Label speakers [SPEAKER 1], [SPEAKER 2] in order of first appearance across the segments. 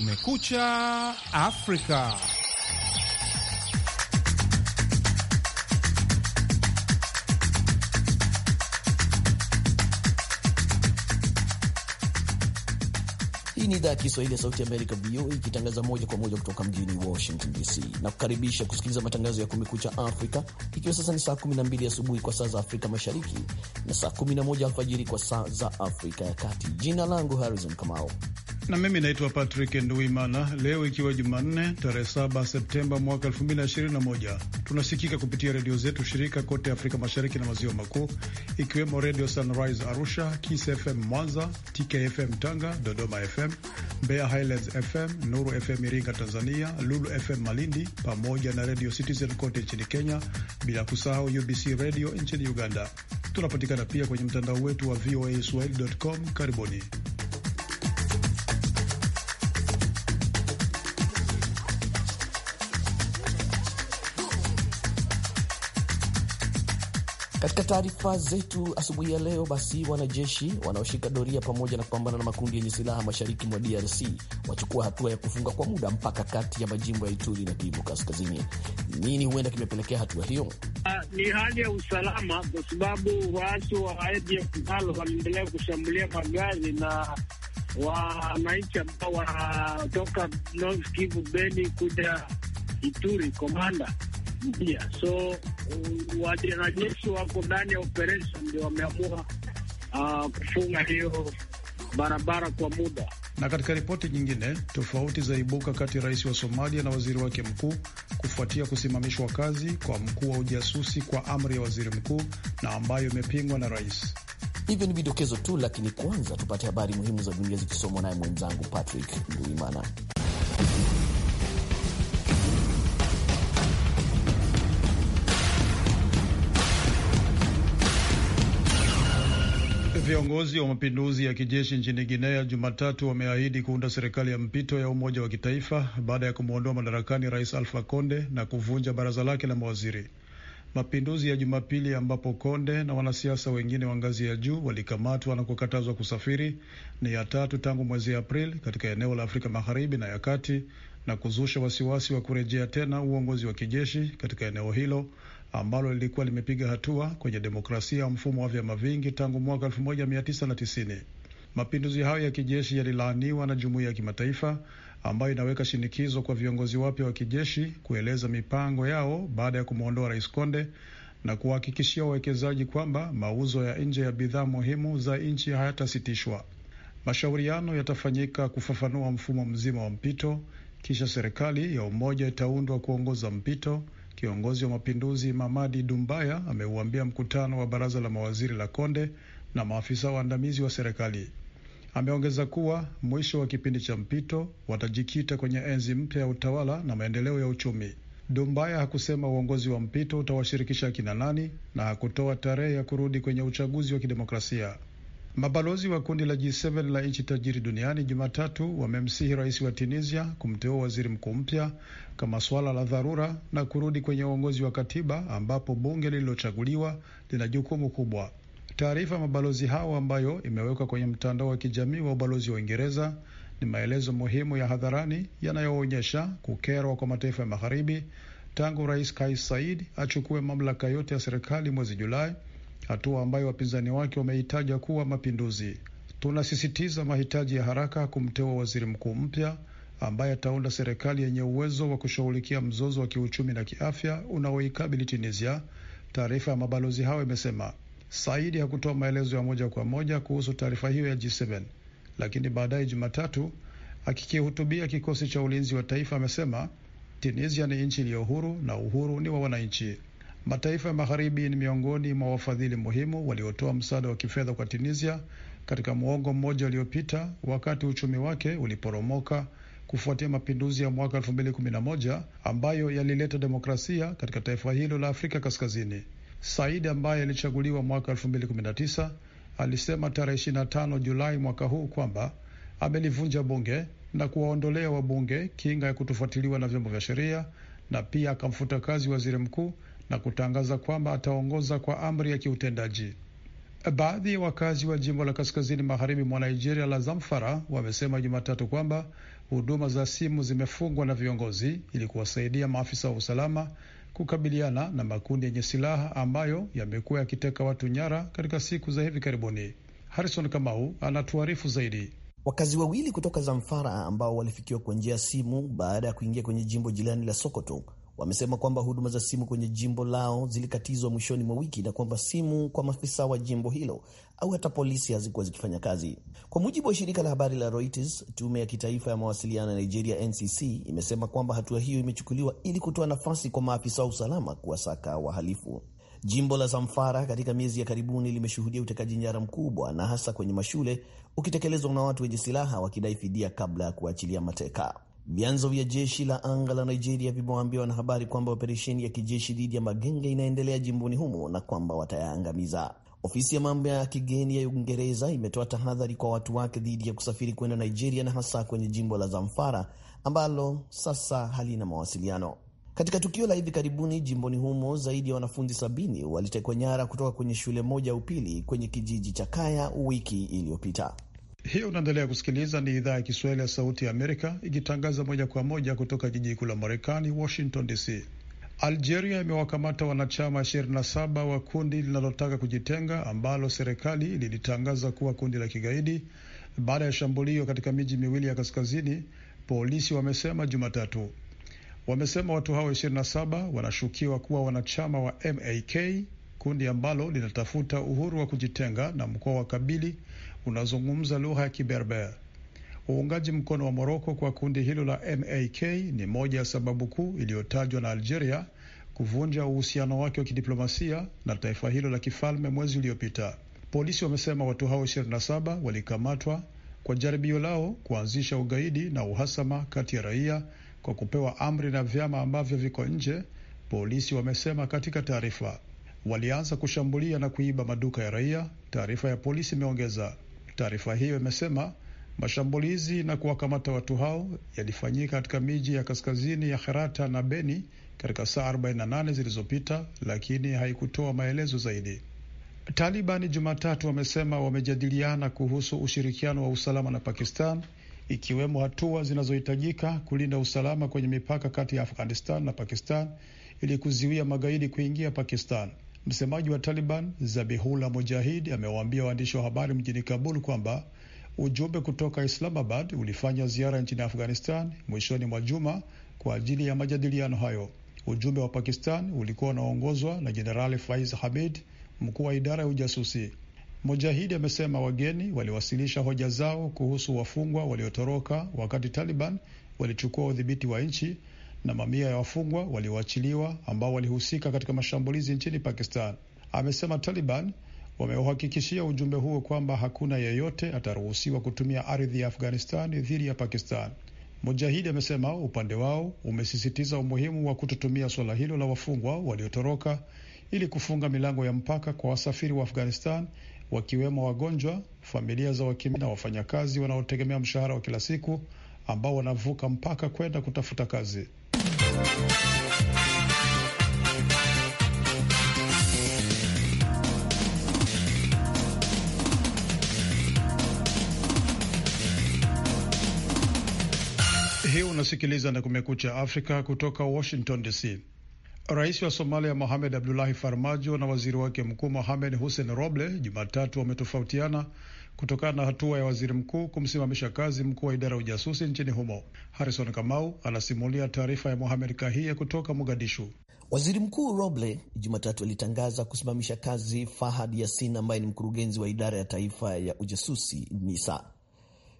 [SPEAKER 1] Kumekucha Afrika.
[SPEAKER 2] Hii ni idhaa ya Kiswahili ya Sauti Amerika, VOA, ikitangaza moja kwa moja kutoka mjini Washington DC na kukaribisha kusikiliza matangazo ya Kumekucha Afrika, ikiwa sasa ni saa 12 asubuhi kwa saa za Afrika Mashariki na saa 11 alfajiri kwa saa za Afrika ya Kati. Jina langu Harrison Kamau
[SPEAKER 3] na mimi naitwa Patrick Nduimana. Leo ikiwa Jumanne tarehe 7 Septemba mwaka 2021, tunasikika kupitia redio zetu shirika kote Afrika Mashariki na Maziwa Makuu, ikiwemo Redio Sunrise Arusha, Kiss FM Mwanza, TKFM Tanga, Dodoma FM, Mbeya Highlands FM, Nuru FM Iringa Tanzania, Lulu FM Malindi, pamoja na Redio Citizen kote nchini Kenya, bila kusahau UBC Radio nchini Uganda. Tunapatikana pia kwenye mtandao wetu wa VOA Swahili.com. Karibuni.
[SPEAKER 2] Katika taarifa zetu asubuhi ya leo, basi wanajeshi wanaoshika doria pamoja na kupambana na makundi yenye silaha mashariki mwa DRC wachukua hatua ya kufunga kwa muda mpaka kati ya majimbo ya Ituri na Kivu Kaskazini. Nini huenda kimepelekea hatua hiyo? Uh,
[SPEAKER 4] ni hali ya usalama, kwa sababu waasi wa ADF wanaendelea kushambulia magari na wananchi ambao wanatoka North Kivu, Beni kuja Ituri. Komanda Yeah, so uh, wanajeshi wako ndani ya operation ndio wameamua uh, kufunga hiyo barabara kwa muda.
[SPEAKER 3] Na katika ripoti nyingine, tofauti zaibuka kati ya rais wa Somalia na waziri wake mkuu kufuatia kusimamishwa kazi kwa mkuu wa ujasusi kwa amri ya waziri mkuu na ambayo imepingwa na rais. Hivyo ni vidokezo tu, lakini kwanza tupate habari muhimu
[SPEAKER 2] za dunia zikisomwa naye mwenzangu Patrick Nduimana.
[SPEAKER 3] Viongozi wa mapinduzi ya kijeshi nchini Guinea Jumatatu wameahidi kuunda serikali ya mpito ya umoja wa kitaifa baada ya kumwondoa madarakani Rais Alfa Konde na kuvunja baraza lake la mawaziri. Mapinduzi ya Jumapili ambapo Konde na wanasiasa wengine wa ngazi ya juu walikamatwa na kukatazwa kusafiri ni ya tatu tangu mwezi Aprili katika eneo la Afrika Magharibi na ya kati na kuzusha wasiwasi wa kurejea tena uongozi wa kijeshi katika eneo hilo ambalo lilikuwa limepiga hatua kwenye demokrasia ya mfumo wa vyama vingi tangu mwaka 1990. Mapinduzi hayo ya kijeshi yalilaaniwa na jumuiya ya kimataifa ambayo inaweka shinikizo kwa viongozi wapya wa kijeshi kueleza mipango yao baada ya kumwondoa Rais Konde na kuwahakikishia wawekezaji kwamba mauzo ya nje ya bidhaa muhimu za nchi hayatasitishwa. Mashauriano yatafanyika kufafanua mfumo mzima wa mpito, kisha serikali ya umoja itaundwa kuongoza mpito Kiongozi wa mapinduzi Mamadi Dumbaya ameuambia mkutano wa baraza la mawaziri la Konde na maafisa waandamizi wa serikali. Ameongeza kuwa mwisho wa kipindi cha mpito watajikita kwenye enzi mpya ya utawala na maendeleo ya uchumi. Dumbaya hakusema uongozi wa mpito utawashirikisha kina nani na hakutoa tarehe ya kurudi kwenye uchaguzi wa kidemokrasia. Mabalozi wa kundi la G7 la nchi tajiri duniani Jumatatu wamemsihi rais wa Tunisia kumteua waziri mkuu mpya kama swala la dharura na kurudi kwenye uongozi wa katiba ambapo bunge lililochaguliwa lina jukumu kubwa. Taarifa ya mabalozi hao ambayo imewekwa kwenye mtandao wa kijamii wa ubalozi wa Uingereza ni maelezo muhimu ya hadharani yanayoonyesha kukerwa kwa mataifa ya magharibi tangu rais Kais Said achukue mamlaka yote ya serikali mwezi Julai hatua ambayo wapinzani wake wameitaja kuwa mapinduzi. Tunasisitiza mahitaji ya haraka kumteua waziri mkuu mpya ambaye ataunda serikali yenye uwezo wa kushughulikia mzozo wa kiuchumi na kiafya unaoikabili Tunisia, taarifa ya mabalozi hao imesema. Saidi hakutoa maelezo ya moja kwa moja kuhusu taarifa hiyo ya G7, lakini baadaye Jumatatu akikihutubia kikosi cha ulinzi wa taifa amesema Tunisia ni nchi iliyo huru na uhuru ni wa wananchi. Mataifa ya magharibi ni miongoni mwa wafadhili muhimu waliotoa msaada wa kifedha kwa Tunisia katika muongo mmoja uliopita, wakati uchumi wake uliporomoka kufuatia mapinduzi ya mwaka 2011 ambayo yalileta demokrasia katika taifa hilo la Afrika Kaskazini. Saidi ambaye alichaguliwa mwaka 2019 alisema tarehe 25 Julai mwaka huu kwamba amelivunja bunge na kuwaondolea wabunge kinga ya kutofuatiliwa na vyombo vya sheria na pia akamfuta kazi waziri mkuu na kutangaza kwamba ataongoza kwa amri ya kiutendaji. Baadhi ya wakazi wa jimbo la kaskazini magharibi mwa Nigeria la Zamfara wamesema Jumatatu kwamba huduma za simu zimefungwa na viongozi ili kuwasaidia maafisa wa usalama kukabiliana na makundi yenye silaha ambayo yamekuwa yakiteka watu nyara katika siku za hivi karibuni. Harrison Kamau anatuarifu zaidi.
[SPEAKER 2] Wakazi wawili kutoka Zamfara ambao walifikiwa kwa njia ya simu baada ya kuingia kwenye jimbo jirani la Sokoto wamesema kwamba huduma za simu kwenye jimbo lao zilikatizwa mwishoni mwa wiki na kwamba simu kwa maafisa wa jimbo hilo au hata polisi hazikuwa zikifanya kazi. Kwa mujibu wa shirika la habari la Reuters, tume ya kitaifa ya mawasiliano ya Nigeria, NCC, imesema kwamba hatua hiyo imechukuliwa ili kutoa nafasi kwa maafisa wa usalama kuwasaka wahalifu. Jimbo la Zamfara katika miezi ya karibuni limeshuhudia utekaji nyara mkubwa na hasa kwenye mashule ukitekelezwa na watu wenye silaha wakidai fidia kabla ya kuachilia mateka. Vyanzo vya jeshi la anga la Nigeria vimewaambia wanahabari kwamba operesheni ya kijeshi dhidi ya magenge inaendelea jimboni humo na kwamba watayaangamiza. Ofisi ya mambo ya kigeni ya Uingereza imetoa tahadhari kwa watu wake dhidi ya kusafiri kwenda Nigeria na hasa kwenye jimbo la Zamfara ambalo sasa halina mawasiliano. Katika tukio la hivi karibuni jimboni humo, zaidi ya wanafunzi sabini walitekwa nyara kutoka
[SPEAKER 3] kwenye shule moja ya upili kwenye kijiji cha Kaya wiki iliyopita. Hiyo unaendelea kusikiliza, ni idhaa ya Kiswahili ya Sauti ya Amerika ikitangaza moja kwa moja kutoka jiji kuu la Marekani, Washington DC. Algeria imewakamata wanachama 27 wa kundi linalotaka kujitenga ambalo serikali lilitangaza kuwa kundi la kigaidi baada ya shambulio katika miji miwili ya kaskazini, polisi wamesema Jumatatu. Wamesema watu hao 27 wanashukiwa kuwa wanachama wa MAK, kundi ambalo linatafuta uhuru wa kujitenga na mkoa wa Kabili unazungumza lugha ya Kiberber. Uungaji mkono wa Moroko kwa kundi hilo la MAK ni moja ya sababu kuu iliyotajwa na Algeria kuvunja uhusiano wake wa kidiplomasia na taifa hilo la kifalme mwezi uliopita. Polisi wamesema watu hao 27 walikamatwa kwa jaribio lao kuanzisha ugaidi na uhasama kati ya raia kwa kupewa amri na vyama ambavyo viko nje. Polisi wamesema katika taarifa, walianza kushambulia na kuiba maduka ya raia, taarifa ya polisi imeongeza. Taarifa hiyo imesema mashambulizi na kuwakamata watu hao yalifanyika katika miji ya kaskazini ya Herata na Beni katika saa 48 zilizopita, lakini haikutoa maelezo zaidi. Talibani Jumatatu wamesema wamejadiliana kuhusu ushirikiano wa usalama na Pakistan, ikiwemo hatua zinazohitajika kulinda usalama kwenye mipaka kati ya Afghanistan na Pakistan ili kuziwia magaidi kuingia Pakistan. Msemaji wa Taliban Zabihula Mujahid amewaambia waandishi wa habari mjini Kabul kwamba ujumbe kutoka Islamabad ulifanya ziara nchini Afghanistan mwishoni mwa juma kwa ajili ya majadiliano hayo. Ujumbe wa Pakistan ulikuwa unaongozwa na Jenerali Faiz Hamid, mkuu wa idara ya ujasusi. Mujahidi amesema wageni waliwasilisha hoja zao kuhusu wafungwa waliotoroka wakati Taliban walichukua udhibiti wa nchi na mamia ya wafungwa walioachiliwa ambao walihusika katika mashambulizi nchini Pakistan. Amesema Taliban wameuhakikishia ujumbe huo kwamba hakuna yeyote ataruhusiwa kutumia ardhi ya Afghanistan dhidi ya Pakistan. Mujahidi amesema upande wao umesisitiza umuhimu wa kutotumia suala hilo la wafungwa waliotoroka ili kufunga milango ya mpaka kwa wasafiri wa Afghanistan, wakiwemo wagonjwa, familia za wakimbizi na wafanyakazi wanaotegemea mshahara wa kila siku ambao wanavuka mpaka kwenda kutafuta kazi. Hii unasikiliza na Kumekucha Afrika kutoka Washington DC. Rais wa Somalia Mohamed Abdullahi Farmajo na waziri wake mkuu Mohamed Hussein Roble Jumatatu wametofautiana kutokana na hatua ya waziri mkuu kumsimamisha kazi mkuu wa idara ya ujasusi nchini humo. Harrison Kamau anasimulia taarifa ya Mohamed Kahia kutoka Mogadishu. Waziri Mkuu Roble Jumatatu alitangaza kusimamisha kazi
[SPEAKER 2] Fahad Yasin ambaye ni mkurugenzi wa idara ya taifa ya ujasusi NISA.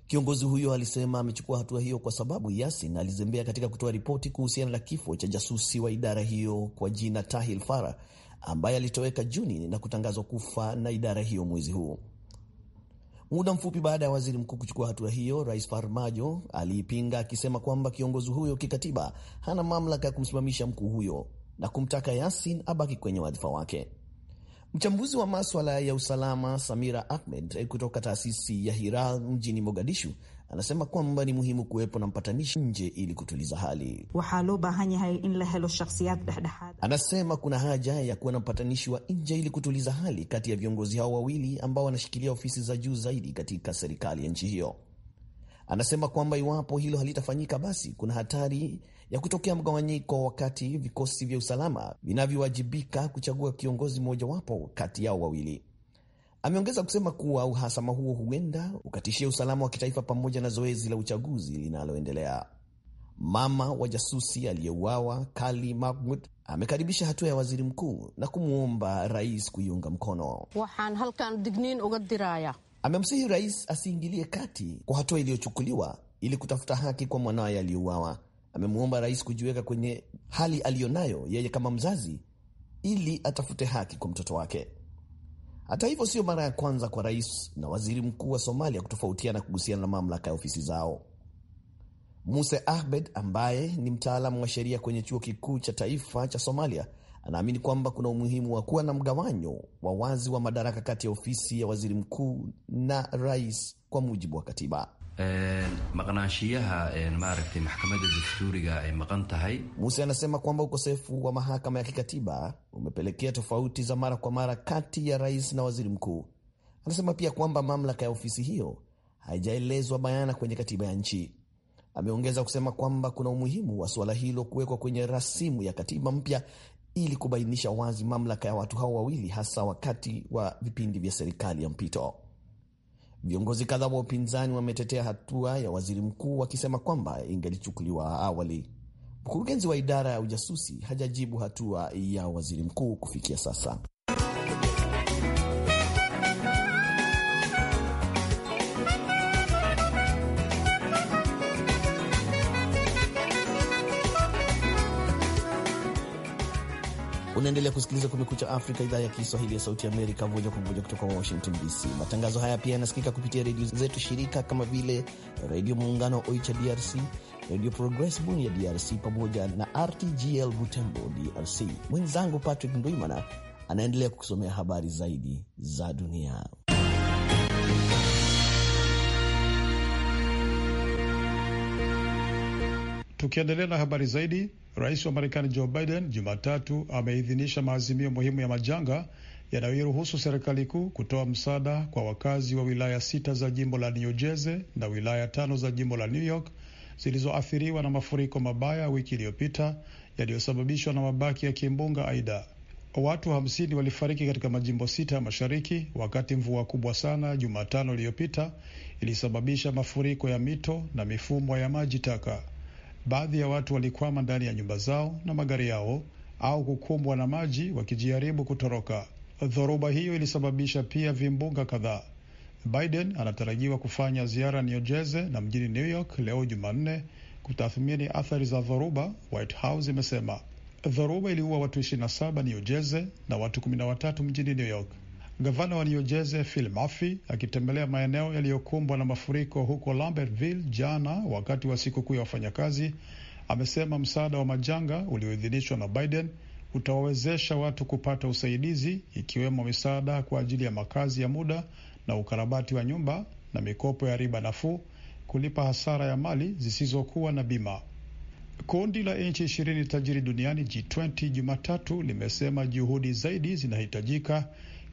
[SPEAKER 2] Kiongozi huyo alisema amechukua hatua hiyo kwa sababu Yasin alizembea katika kutoa ripoti kuhusiana na kifo cha jasusi wa idara hiyo kwa jina Tahil Fara ambaye alitoweka Juni na kutangazwa kufa na idara hiyo mwezi huu. Muda mfupi baada ya waziri mkuu kuchukua hatua hiyo, rais Farmajo aliipinga akisema kwamba kiongozi huyo kikatiba hana mamlaka ya kumsimamisha mkuu huyo na kumtaka Yasin abaki kwenye wadhifa wake. Mchambuzi wa maswala ya usalama Samira Ahmed kutoka taasisi ya hiral mjini Mogadishu anasema kwamba ni muhimu kuwepo na mpatanishi nje ili kutuliza hali. Anasema kuna haja ya kuwa na mpatanishi wa nje ili kutuliza hali kati ya viongozi hao wawili ambao wanashikilia ofisi za juu zaidi katika serikali ya nchi hiyo. Anasema kwamba iwapo hilo halitafanyika, basi kuna hatari ya kutokea mgawanyiko, wakati vikosi vya usalama vinavyowajibika kuchagua kiongozi mmojawapo kati yao wawili. Ameongeza kusema kuwa uhasama huo huenda ukatishia usalama wa kitaifa pamoja na zoezi la uchaguzi linaloendelea. Mama wa jasusi aliyeuawa Kali Mahmud amekaribisha hatua ya waziri mkuu na kumwomba rais kuiunga mkono.
[SPEAKER 5] Waxaan halkan digniin uga diraya.
[SPEAKER 2] Amemsihi rais asiingilie kati kwa hatua iliyochukuliwa ili kutafuta haki kwa mwanawe aliyeuawa. Amemwomba rais kujiweka kwenye hali aliyonayo yeye kama mzazi, ili atafute haki kwa mtoto wake. Hata hivyo, sio mara ya kwanza kwa rais na waziri mkuu wa Somalia kutofautiana kuhusiana na mamlaka ya ofisi zao. Muse Ahmed ambaye ni mtaalamu wa sheria kwenye chuo kikuu cha taifa cha Somalia anaamini kwamba kuna umuhimu wa kuwa na mgawanyo wa wazi wa madaraka kati ya ofisi ya waziri mkuu na rais kwa mujibu wa katiba. Ee, maqnaanshiyaha ee, maaragtay maxkamadda dastuuriga ay maqan tahay. Muse anasema kwamba ukosefu wa mahakama ya kikatiba umepelekea tofauti za mara kwa mara kati ya rais na waziri mkuu. Anasema pia kwamba mamlaka ya ofisi hiyo haijaelezwa bayana kwenye katiba ya nchi. Ameongeza kusema kwamba kuna umuhimu wa suala hilo kuwekwa kwenye rasimu ya katiba mpya ili kubainisha wazi mamlaka ya watu hao wawili, hasa wakati wa vipindi vya serikali ya mpito. Viongozi kadhaa wa upinzani wametetea hatua ya waziri mkuu wakisema kwamba ingelichukuliwa awali. Mkurugenzi wa idara ya ujasusi hajajibu hatua ya waziri mkuu kufikia sasa. Unaendelea kusikiliza Kumekucha Afrika, idhaa ya Kiswahili ya Sauti Amerika, moja kwa moja kutoka Washington DC. Matangazo haya pia yanasikika kupitia redio zetu shirika kama vile Redio Muungano Oicha DRC, Redio Progress Buni ya DRC pamoja na RTGL Butembo DRC. Mwenzangu Patrick Ndwimana anaendelea kukusomea habari zaidi za dunia.
[SPEAKER 3] Tukiendelea na habari zaidi, Rais wa Marekani Joe Biden Jumatatu ameidhinisha maazimio muhimu ya majanga yanayoiruhusu serikali kuu kutoa msaada kwa wakazi wa wilaya sita za jimbo la New Jersey na wilaya tano za jimbo la New York zilizoathiriwa na mafuriko mabaya wiki iliyopita yaliyosababishwa na mabaki ya kimbunga Aida. Watu hamsini walifariki katika majimbo sita ya mashariki wakati mvua kubwa sana Jumatano iliyopita ilisababisha mafuriko ya mito na mifumo ya maji taka. Baadhi ya watu walikwama ndani ya nyumba zao na magari yao au kukumbwa na maji wakijaribu kutoroka. Dhoruba hiyo ilisababisha pia vimbunga kadhaa. Biden anatarajiwa kufanya ziara New Jersey na mjini New York leo Jumanne kutathmini athari za dhoruba. White House imesema dhoruba iliua watu 27 New Jersey na watu 13 mjini New York. Gavana wa New Jersey Phil Murphy akitembelea maeneo yaliyokumbwa na mafuriko huko Lambertville jana wakati wa sikukuu ya wafanyakazi, amesema msaada wa majanga ulioidhinishwa na Biden utawawezesha watu kupata usaidizi, ikiwemo misaada kwa ajili ya makazi ya muda na ukarabati wa nyumba na mikopo ya riba nafuu kulipa hasara ya mali zisizokuwa na bima. Kundi la nchi ishirini tajiri duniani G20 Jumatatu limesema juhudi zaidi zinahitajika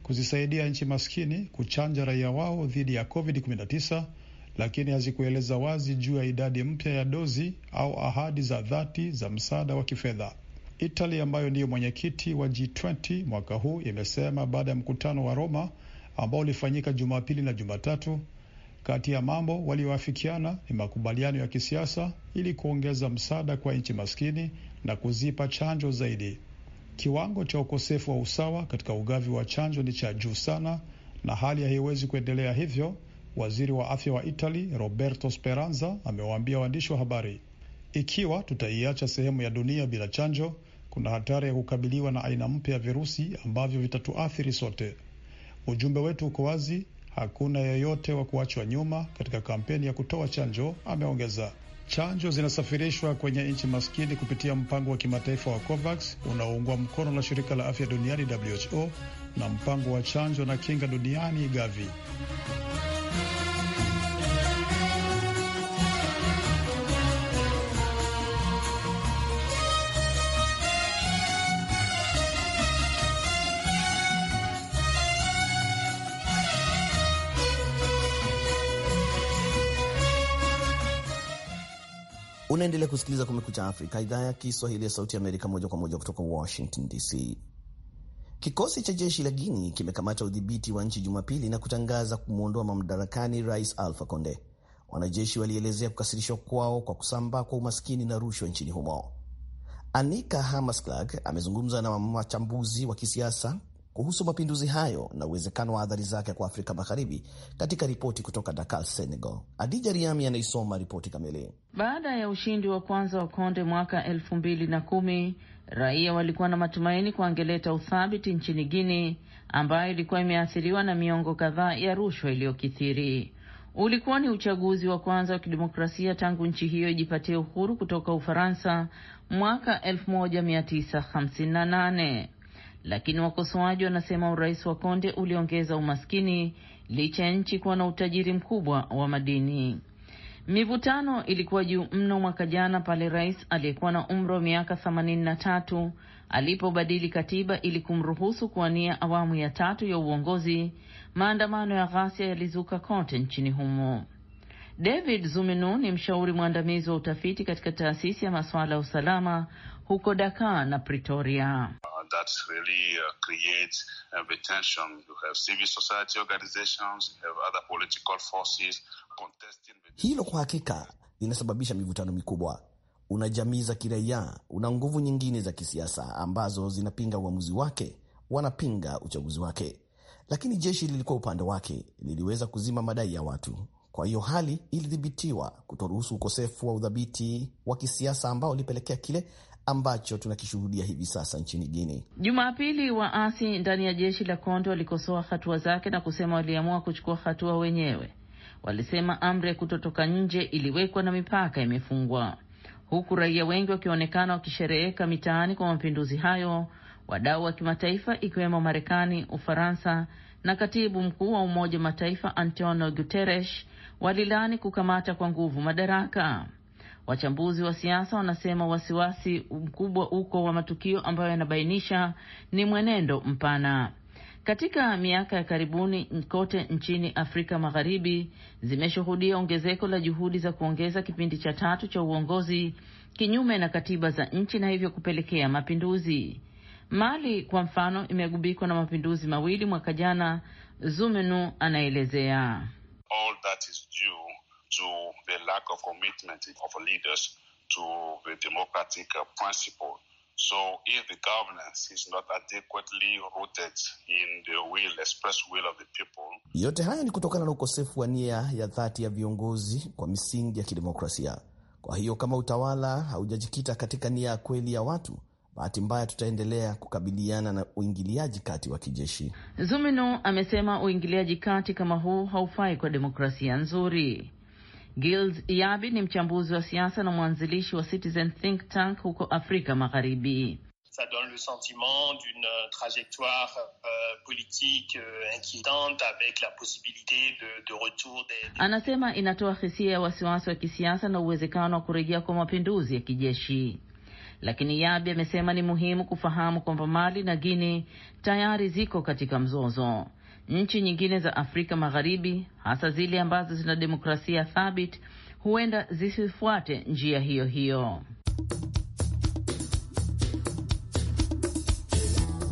[SPEAKER 3] kuzisaidia nchi maskini kuchanja raia wao dhidi ya COVID-19, lakini hazikueleza wazi juu ya idadi mpya ya dozi au ahadi za dhati za msaada wa kifedha. itali ambayo ndiyo mwenyekiti wa G20 mwaka huu imesema baada ya mkutano wa Roma ambao ulifanyika Jumapili na Jumatatu. Kati ya mambo walioafikiana ni makubaliano ya kisiasa ili kuongeza msaada kwa nchi maskini na kuzipa chanjo zaidi. Kiwango cha ukosefu wa usawa katika ugavi wa chanjo ni cha juu sana na hali haiwezi kuendelea hivyo, waziri wa afya wa Itali Roberto Speranza amewaambia waandishi wa habari. Ikiwa tutaiacha sehemu ya dunia bila chanjo, kuna hatari ya kukabiliwa na aina mpya ya virusi ambavyo vitatuathiri sote. Ujumbe wetu uko wazi, hakuna yeyote wa kuachwa nyuma katika kampeni ya kutoa chanjo, ameongeza. Chanjo zinasafirishwa kwenye nchi maskini kupitia mpango wa kimataifa wa COVAX unaoungwa mkono na shirika la afya duniani WHO na mpango wa chanjo na kinga duniani GAVI.
[SPEAKER 2] Unaendelea kusikiliza Kumekucha Afrika, idhaa ya Kiswahili ya Sauti Amerika, moja kwa moja kutoka Washington DC. Kikosi cha jeshi la Guini kimekamata udhibiti wa nchi Jumapili na kutangaza kumwondoa mamdarakani Rais Alfa Conde. Wanajeshi walielezea kukasirishwa kwao kwa kusambaa kwa umaskini na rushwa nchini humo. Anika Hamasclag amezungumza na wachambuzi wa kisiasa kuhusu mapinduzi hayo na uwezekano wa athari zake kwa Afrika Magharibi, katika ripoti kutoka Dakar, Senegal. Adija Riami anaisoma ripoti kamili.
[SPEAKER 5] Baada ya ushindi wa kwanza wa Konde mwaka elfu mbili na kumi, raia walikuwa na matumaini kwa angeleta uthabiti nchini Guinea ambayo ilikuwa imeathiriwa na miongo kadhaa ya rushwa iliyokithiri. Ulikuwa ni uchaguzi wa kwanza wa kidemokrasia tangu nchi hiyo ijipatie uhuru kutoka Ufaransa mwaka 1958 lakini wakosoaji wanasema urais wa Konde uliongeza umaskini licha ya nchi kuwa na utajiri mkubwa wa madini. Mivutano ilikuwa juu mno mwaka jana pale rais aliyekuwa na umri wa miaka 83 alipobadili katiba ili kumruhusu kuwania awamu ya tatu ya uongozi. Maandamano ya ghasia yalizuka kote nchini humo. David Zuminu ni mshauri mwandamizi wa utafiti katika taasisi ya masuala ya usalama huko Dakar na Pretoria. Uh,
[SPEAKER 1] that really uh, creates uh, tension. You have civil society organizations, you have other political forces
[SPEAKER 5] contesting. Hilo
[SPEAKER 2] kwa hakika linasababisha mivutano mikubwa. Una jamii za kiraia, una nguvu nyingine za kisiasa ambazo zinapinga uamuzi wake, wanapinga uchaguzi wake, lakini jeshi lilikuwa upande wake, liliweza kuzima madai ya watu. Kwa hiyo hali ilidhibitiwa, kutoruhusu ukosefu wa udhabiti wa kisiasa ambao ulipelekea kile ambacho tunakishuhudia hivi sasa nchini Guinea.
[SPEAKER 5] Jumapili, waasi ndani ya jeshi la kondo walikosoa hatua zake na kusema waliamua kuchukua hatua wenyewe. Walisema amri ya kutotoka nje iliwekwa na mipaka imefungwa, huku raia wengi wakionekana wakishereheka mitaani kwa mapinduzi hayo. Wadau wa kimataifa ikiwemo Marekani, Ufaransa na katibu mkuu wa Umoja wa Mataifa Antonio Guterres walilaani kukamata kwa nguvu madaraka. Wachambuzi wa siasa wanasema wasiwasi mkubwa uko wa matukio ambayo yanabainisha ni mwenendo mpana. Katika miaka ya karibuni kote nchini Afrika Magharibi zimeshuhudia ongezeko la juhudi za kuongeza kipindi cha tatu cha uongozi kinyume na katiba za nchi na hivyo kupelekea mapinduzi. Mali kwa mfano imegubikwa na mapinduzi mawili mwaka jana. Zumenu anaelezea All that is
[SPEAKER 1] due to the lack of commitment of leaders to the democratic uh, principle. So, if the governance is not adequately rooted in the will,
[SPEAKER 2] express will of the people. Yote haya ni kutokana na ukosefu wa nia ya dhati ya viongozi kwa misingi ya kidemokrasia. Kwa hiyo kama utawala haujajikita katika nia ya kweli ya watu, bahati mbaya tutaendelea kukabiliana na uingiliaji kati wa kijeshi.
[SPEAKER 5] Zumino amesema uingiliaji kati kama huu haufai kwa demokrasia nzuri. Giles Yabi ni mchambuzi wa siasa na mwanzilishi wa Citizen Think Tank huko Afrika Magharibi.
[SPEAKER 2] Ça donne le sentiment d'une trajectoire euh, politique euh, inquiétante avec la possibilité de,
[SPEAKER 5] de retour des... Anasema inatoa hisia ya wasiwasi wa kisiasa na uwezekano wa kurejea kwa mapinduzi ya kijeshi. Lakini Yabi amesema ni muhimu kufahamu kwamba Mali na Guinea tayari ziko katika mzozo. Nchi nyingine za Afrika Magharibi, hasa zile ambazo zina demokrasia thabiti, huenda zisifuate njia hiyo hiyo.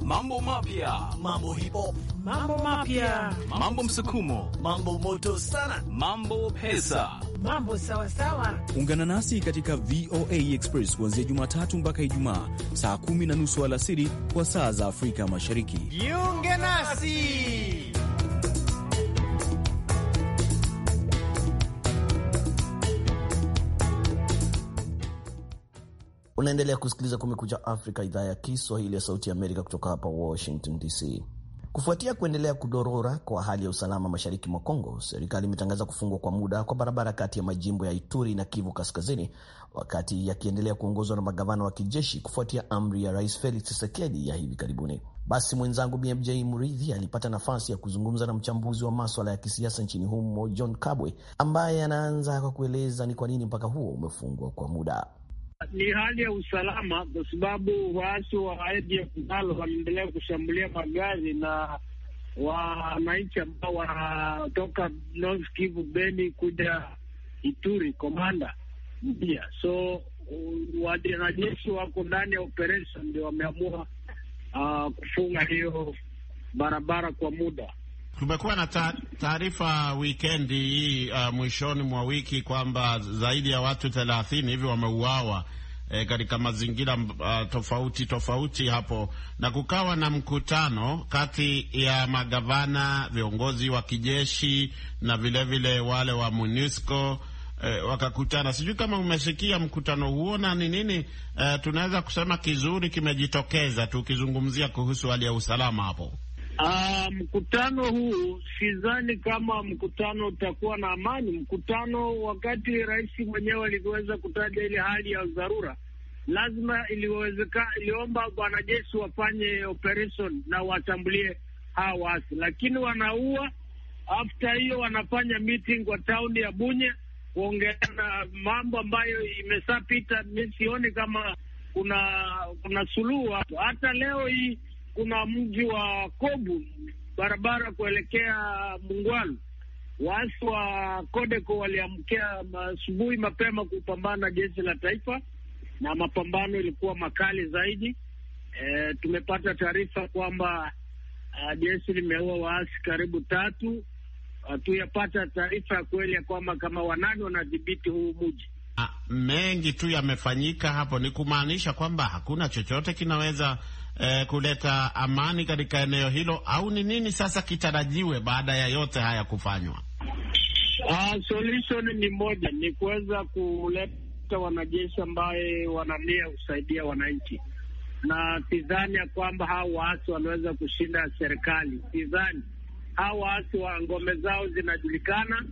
[SPEAKER 6] Mambo mapya, mambo hipo, mambo mapya, mambo msukumo, mambo moto sana, mambo pesa, mambo sawasawa.
[SPEAKER 2] Ungana nasi katika VOA Express kuanzia Jumatatu mpaka Ijumaa saa kumi na nusu alasiri kwa saa za Afrika Mashariki.
[SPEAKER 6] Jiunge nasi.
[SPEAKER 2] Unaendelea kusikiliza Kumekucha Afrika, idhaa ya Kiswahili ya Sauti ya Amerika kutoka hapa Washington DC. Kufuatia kuendelea kudorora kwa hali ya usalama mashariki mwa Kongo, serikali imetangaza kufungwa kwa muda kwa barabara kati ya majimbo ya Ituri na Kivu Kaskazini, wakati yakiendelea kuongozwa na magavana wa kijeshi kufuatia amri ya Rais Felix Tshisekedi ya hivi karibuni. Basi mwenzangu BMJ Mridhi alipata nafasi ya kuzungumza na mchambuzi wa maswala ya kisiasa nchini humo John Kabwe, ambaye anaanza kwa kueleza ni kwa nini mpaka huo umefungwa kwa muda.
[SPEAKER 4] Ni hali ya usalama, kwa sababu waasi wa ADF-NALO wanaendelea kushambulia magari na wananchi ambao wanatoka North Kivu, Beni kuja Ituri, Komanda mpya. So wanajeshi wako ndani ya operation, ndio wameamua uh, kufunga hiyo barabara kwa muda.
[SPEAKER 1] Kumekuwa na taarifa wikendi hii uh, mwishoni mwa wiki kwamba zaidi ya watu thelathini hivi wameuawa eh, katika mazingira uh, tofauti tofauti hapo, na kukawa na mkutano kati ya magavana, viongozi wa kijeshi na vilevile vile wale wa MONUSCO e, wakakutana. Sijui kama umesikia mkutano huo na ni nini e, tunaweza kusema kizuri kimejitokeza tukizungumzia kuhusu hali ya usalama hapo.
[SPEAKER 4] Uh, mkutano huu sidhani kama mkutano utakuwa na amani. Mkutano wakati rais mwenyewe alivyoweza kutaja ile hali ya dharura, lazima iliwezeka, iliomba wanajeshi wafanye operation na watambulie hawa waasi, lakini wanaua. After hiyo wanafanya meeting kwa tauni ya Bunye kuongea na mambo ambayo imeshapita. Mi sioni kama kuna kuna suluhu hapo, hata leo hii kuna mji wa Kobu, barabara kuelekea Mungwalu, waasi wa Kodeko waliamkia asubuhi mapema kupambana na jeshi la taifa, na mapambano ilikuwa makali zaidi. E, tumepata taarifa kwamba e, jeshi limeua waasi karibu tatu. Hatuyapata e, taarifa ya kweli ya kwamba kama wanani wanadhibiti huu mji.
[SPEAKER 1] Ah, mengi tu yamefanyika hapo, ni kumaanisha kwamba hakuna chochote kinaweza eh, kuleta amani katika eneo hilo, au ni nini sasa kitarajiwe baada ya yote haya kufanywa?
[SPEAKER 4] Uh, solution ni moja, ni kuweza kuleta wanajeshi ambaye wanania kusaidia wananchi, na sidhani ya kwamba hao waasi wanaweza kushinda serikali. Sidhani hao waasi wa ngome zao zinajulikana.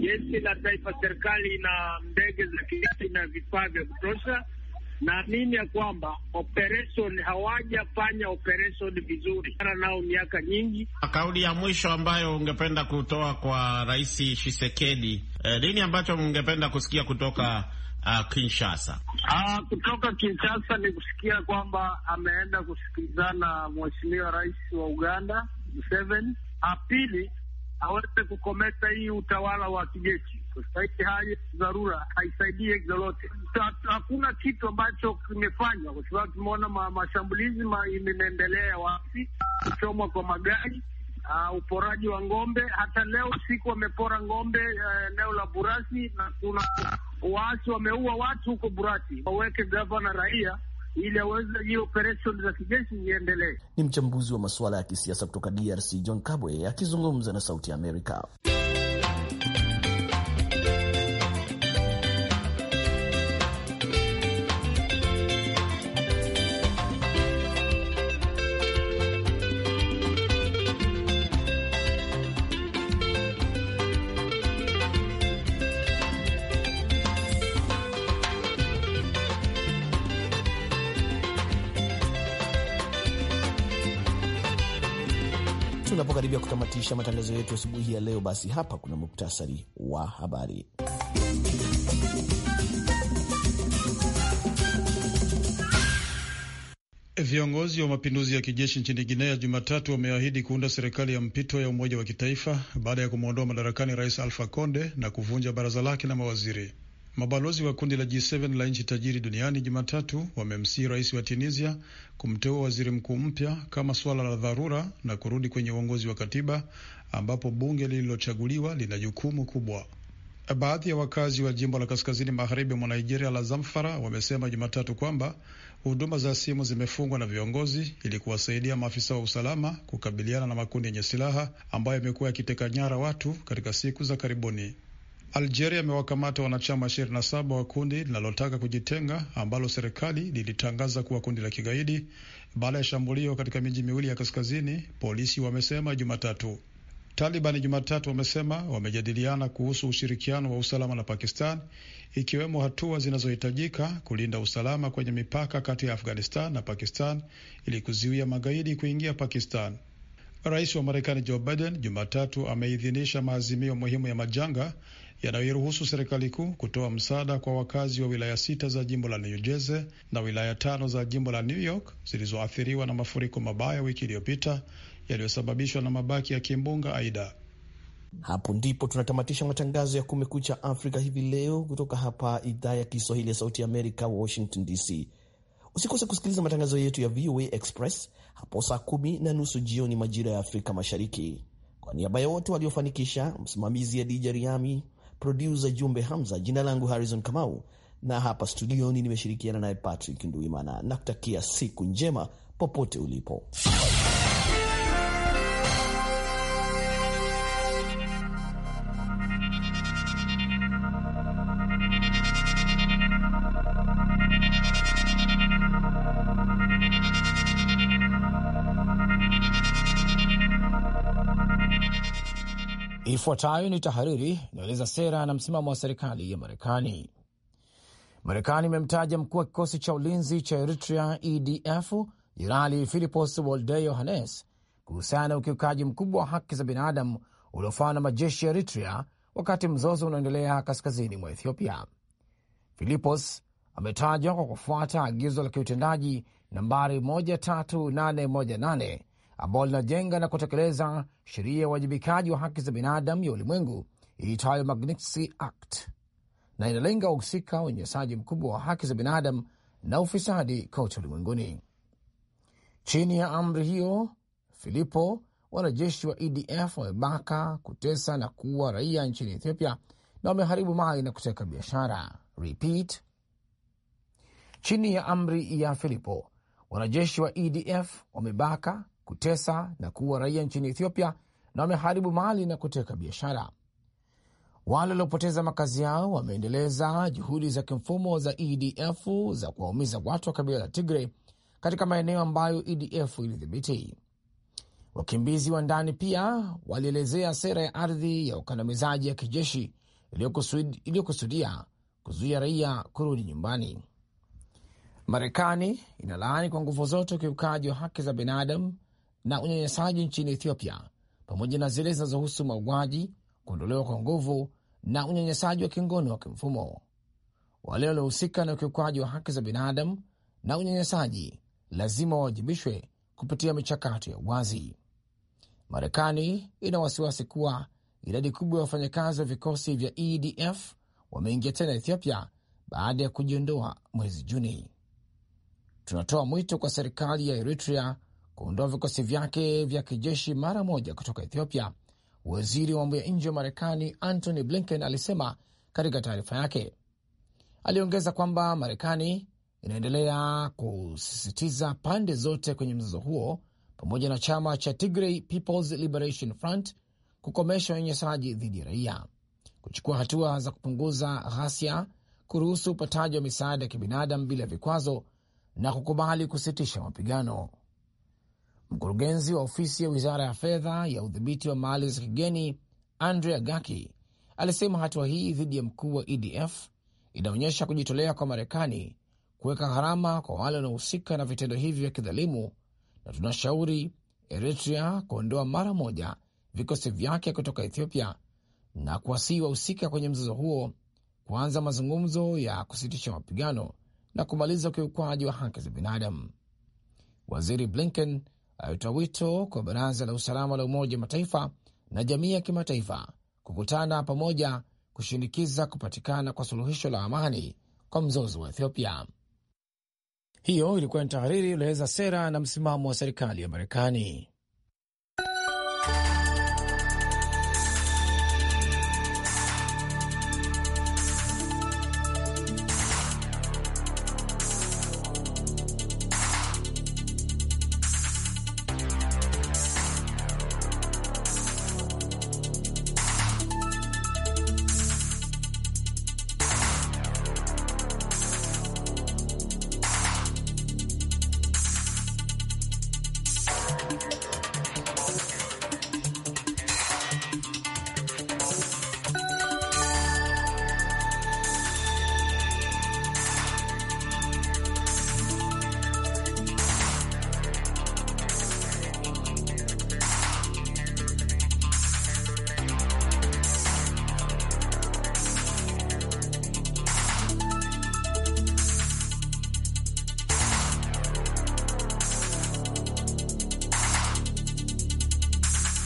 [SPEAKER 4] Jeshi la taifa, serikali ina ndege za kijeshi na vifaa vya kutosha naamini ya kwamba operation hawajafanya operation vizuri nao miaka nyingi.
[SPEAKER 1] Kauli ya mwisho ambayo ungependa kutoa kwa Rais Tshisekedi eh, nini, ambacho ungependa kusikia kutoka uh, Kinshasa?
[SPEAKER 4] Uh, kutoka Kinshasa ni kusikia kwamba ameenda kusikilizana mheshimiwa rais wa Uganda Museveni, apili aweze kukomesha hii utawala wa kijeshi Society hali dharura haisaidii lolote. Hakuna kitu ambacho kimefanywa, kwa sababu tumeona mashambulizi imeendelea wasi kuchomwa kwa magari Uh, uporaji wa ng'ombe. Hata leo usiku wamepora ng'ombe uh, eneo uh, la Burasi, na kuna waasi wameua watu huko Burasi. Waweke gavana raia ili aweze hiyo operesheni za kijeshi ziendelee.
[SPEAKER 2] Ni mchambuzi wa masuala ya kisiasa kutoka DRC John Kabwe akizungumza na Sauti ya Amerika. Tunapokaribia kutamatisha matangazo yetu asubuhi ya leo, basi hapa kuna muktasari wa habari.
[SPEAKER 3] Viongozi wa mapinduzi ya kijeshi nchini Guinea Jumatatu wameahidi kuunda serikali ya mpito ya umoja wa kitaifa baada ya kumwondoa madarakani rais Alfa Conde na kuvunja baraza lake la mawaziri. Mabalozi wa kundi la G7 la nchi tajiri duniani Jumatatu wamemsihi rais wa Tunisia kumteua waziri mkuu mpya kama suala la dharura na kurudi kwenye uongozi wa katiba ambapo bunge lililochaguliwa lina jukumu kubwa. Baadhi ya wakazi wa jimbo la kaskazini magharibi mwa Nigeria la Zamfara wamesema Jumatatu kwamba huduma za simu zimefungwa na viongozi ili kuwasaidia maafisa wa usalama kukabiliana na makundi yenye silaha ambayo yamekuwa yakiteka nyara watu katika siku za karibuni. Algeria amewakamata wanachama 27 wa kundi linalotaka kujitenga ambalo serikali lilitangaza kuwa kundi la kigaidi baada ya shambulio katika miji miwili ya kaskazini, polisi wamesema Jumatatu. Taliban Jumatatu wamesema wamejadiliana kuhusu ushirikiano wa usalama na Pakistan, ikiwemo hatua zinazohitajika kulinda usalama kwenye mipaka kati ya Afghanistan na Pakistan ili kuzuia magaidi kuingia Pakistan. Rais wa Marekani Joe Biden Jumatatu ameidhinisha maazimio muhimu ya majanga yanayoiruhusu serikali kuu kutoa msaada kwa wakazi wa wilaya sita za jimbo la New Jersey na wilaya tano za jimbo la New York zilizoathiriwa na mafuriko mabaya wiki iliyopita yaliyosababishwa na mabaki ya kimbunga Aida. Hapo ndipo tunatamatisha matangazo ya Kumekucha Afrika hivi leo
[SPEAKER 2] kutoka hapa idhaa ya Kiswahili ya Sauti ya Amerika, Washington DC. Usikose kusikiliza matangazo yetu ya VOA Express hapo saa kumi na nusu jioni majira ya Afrika Mashariki. Kwa niaba ya wote waliofanikisha, msimamizi ya Dija Riami, produsa Jumbe Hamza. Jina langu Harrison Kamau, na hapa studioni nimeshirikiana naye Patrick Nduimana. Nakutakia siku njema popote ulipo.
[SPEAKER 6] Ifuatayo ni tahariri inaeleza sera na msimamo wa serikali ya Marekani. Marekani imemtaja mkuu wa kikosi cha ulinzi cha Eritrea, EDF, Jenerali Philipos Wolde Yohannes kuhusiana na ukiukaji mkubwa wa haki za binadamu uliofanywa na majeshi ya Eritrea wakati mzozo unaoendelea kaskazini mwa Ethiopia. Philipos ametajwa kwa kufuata agizo la kiutendaji nambari 13818 ambalo linajenga na kutekeleza sheria ya uwajibikaji wa haki za binadamu ya ulimwengu iitwayo Magnitsky Act na inalenga wahusika unyanyasaji mkubwa wa haki za binadamu na ufisadi kote ulimwenguni. Chini ya amri hiyo Filipo, wanajeshi wa EDF wamebaka, kutesa na kuua raia nchini Ethiopia na wameharibu mali na kuteka biashara. Repeat, chini ya amri ya Filipo, wanajeshi wa EDF wamebaka, kutesa na kuua raia nchini Ethiopia na wameharibu mali na kuteka biashara. Wale waliopoteza makazi yao wameendeleza juhudi za kimfumo za EDF za kuwaumiza watu wa kabila la Tigre katika maeneo ambayo EDF ilidhibiti. Wakimbizi wa ndani pia walielezea sera ya ardhi ya ukandamizaji ya kijeshi iliyokusudia kuzuia raia kurudi nyumbani. Marekani inalaani kwa nguvu zote ukiukaji wa haki za binadamu na unyanyasaji nchini Ethiopia, pamoja na zile zinazohusu mauaji, kuondolewa kwa nguvu na unyanyasaji wa kingono wa kimfumo. Wale waliohusika na ukiukaji wa haki za binadamu na unyanyasaji lazima wawajibishwe kupitia michakato ya uwazi. Marekani ina wasiwasi kuwa idadi kubwa ya wafanyakazi wa vikosi vya EDF wameingia tena Ethiopia baada ya kujiondoa mwezi Juni. Tunatoa mwito kwa serikali ya Eritrea kuondoa vikosi vyake vya kijeshi mara moja kutoka Ethiopia, waziri wa mambo ya nje wa Marekani Antony Blinken alisema katika taarifa yake. Aliongeza kwamba Marekani inaendelea kusisitiza pande zote kwenye mzozo huo pamoja na chama cha Tigray People's Liberation Front kukomesha unyenyesaji dhidi ya raia, kuchukua hatua za kupunguza ghasia, kuruhusu upataji wa misaada ya kibinadamu bila vikwazo na kukubali kusitisha mapigano. Mkurugenzi wa ofisi ya wizara ya fedha ya udhibiti wa mali za kigeni Andrea Gaki alisema hatua hii dhidi ya mkuu wa EDF inaonyesha kujitolea kwa Marekani kuweka gharama kwa wale wanaohusika na vitendo hivi vya kidhalimu, na tunashauri Eritrea kuondoa mara moja vikosi vyake kutoka Ethiopia na kuwasihi wahusika kwenye mzozo huo kuanza mazungumzo ya kusitisha mapigano na kumaliza ukiukwaji wa haki za binadamu. Waziri Blinken alitoa wito kwa Baraza la Usalama la Umoja wa Mataifa na jamii ya kimataifa kukutana pamoja kushinikiza kupatikana kwa suluhisho la amani kwa mzozo wa Ethiopia. Hiyo ilikuwa ni tahariri ilieleza sera na msimamo wa serikali ya Marekani.